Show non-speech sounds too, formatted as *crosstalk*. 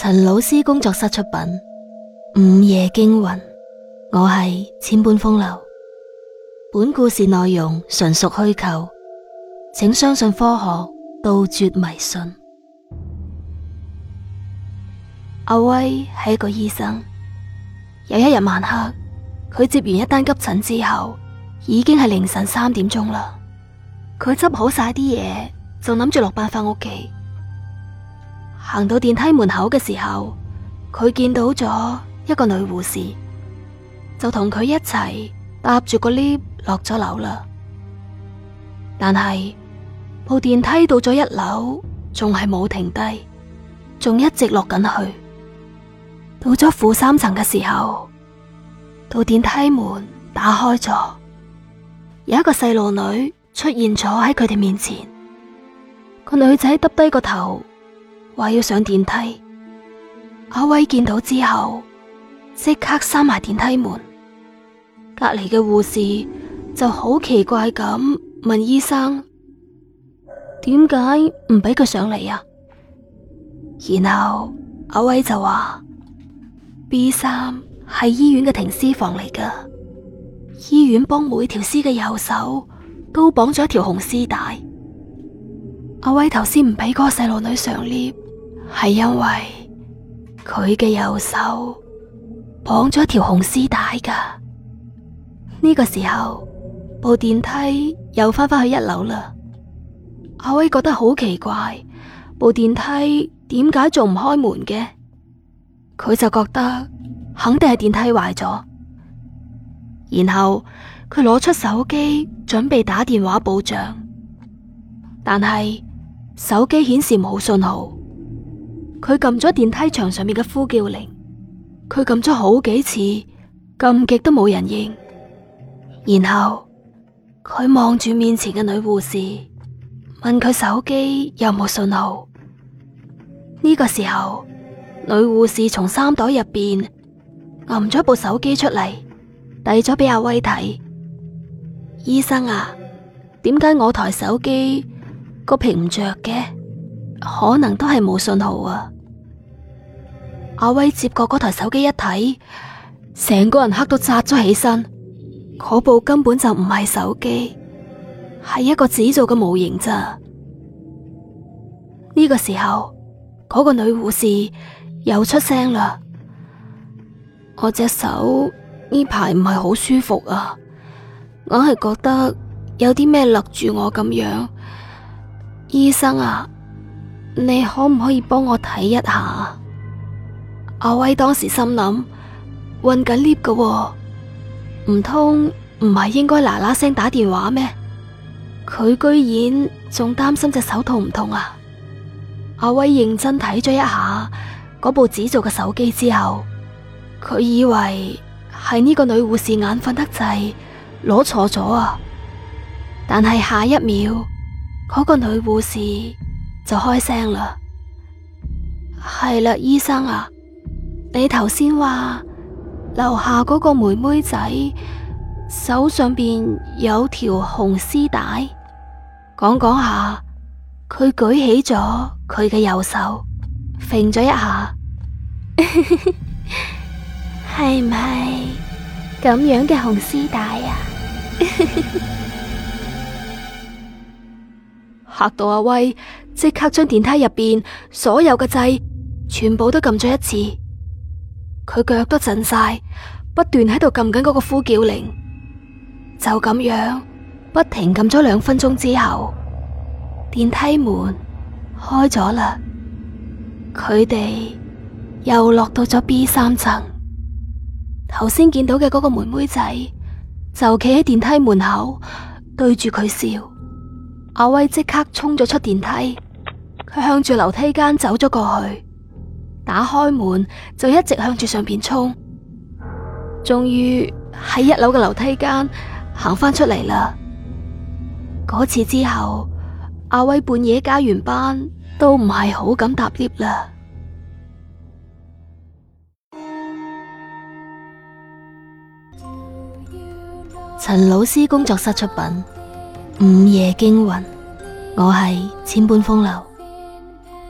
陳老師工作室出品《午夜驚魂》，我係千般風流。本故事內容純屬虛構，請相信科學，杜絕迷信。阿威係一個醫生，有一日晚黑，佢接完一單急診之後，已經係凌晨三點鐘啦。佢執好晒啲嘢，就諗住落班翻屋企。行到電梯門口嘅時候，佢見到咗一個女護士，就同佢一齊搭住個 lift 落咗樓啦。但係部電梯到咗一樓，仲係冇停低，仲一直落緊去。到咗負三層嘅時候，到電梯門打開咗，有一個細路女出現咗喺佢哋面前。個女仔耷低個頭。話要上電梯，阿威見到之後即刻閂埋電梯門。隔籬嘅護士就好奇怪咁問醫生：點解唔俾佢上嚟啊？然後阿威就話：B3 係醫院嘅停屍房嚟噶，醫院幫每條屍嘅右手都綁咗一條紅絲帶。阿威頭先唔俾個細路女上 lift。係因為佢嘅右手綁咗一條紅絲帶噶。呢個時候，部電梯又翻返去一樓啦。阿威覺得好奇怪，部電梯點解仲唔開門嘅？佢就覺得肯定係電梯壞咗。然後佢攞出手機準備打電話報障，但係手機顯示冇信號。佢撳咗電梯牆上面嘅呼叫鈴，佢撳咗好幾次，撳極都冇人應。然後佢望住面前嘅女護士，問佢手機有冇信號？呢個時候，女護士從衫袋入邊揞咗部手機出嚟，遞咗俾阿威睇。醫生啊，點解我台手機個屏唔着嘅？可能都係冇信號啊！阿威接過嗰台手機一睇，成個人黑到扎咗起身。嗰部根本就唔係手機，係一個紙做嘅模型咋？呢、這個時候，嗰、那個女護士又出聲啦：我隻手呢排唔係好舒服啊，我係覺得有啲咩勒住我咁樣，醫生啊！你可唔可以幫我睇一下？阿威當時心諗，混緊 lift 噶，唔通唔係應該嗱嗱聲打電話咩？佢居然仲擔心隻手痛唔痛啊！阿威認真睇咗一下嗰部紙做嘅手機之後，佢以為係呢個女護士眼瞓得滯攞錯咗啊！但係下一秒，嗰個女護士。就開聲啦，係啦，醫生啊，你頭先話樓下嗰個妹妹仔手上邊有條紅絲帶，講講下，佢舉起咗佢嘅右手，揈咗一下，係唔係咁樣嘅紅絲帶啊？嚇 *laughs* 到阿威。即刻將電梯入邊所有嘅掣全部都撳咗一次，佢腳都震晒，不斷喺度撳緊嗰個呼叫鈴。就咁樣，不停撳咗兩分鐘之後，電梯門開咗啦。佢哋又落到咗 B 三層，頭先見到嘅嗰個妹妹仔就企喺電梯門口對住佢笑。阿威即刻衝咗出電梯。佢向住樓梯間走咗過去，打開門就一直向住上邊衝，終於喺一樓嘅樓梯間行翻出嚟啦。嗰次之後，阿威半夜加完班都唔係好敢搭 lift 啦。陳老師工作室出品《午夜驚魂》，我係千般風流。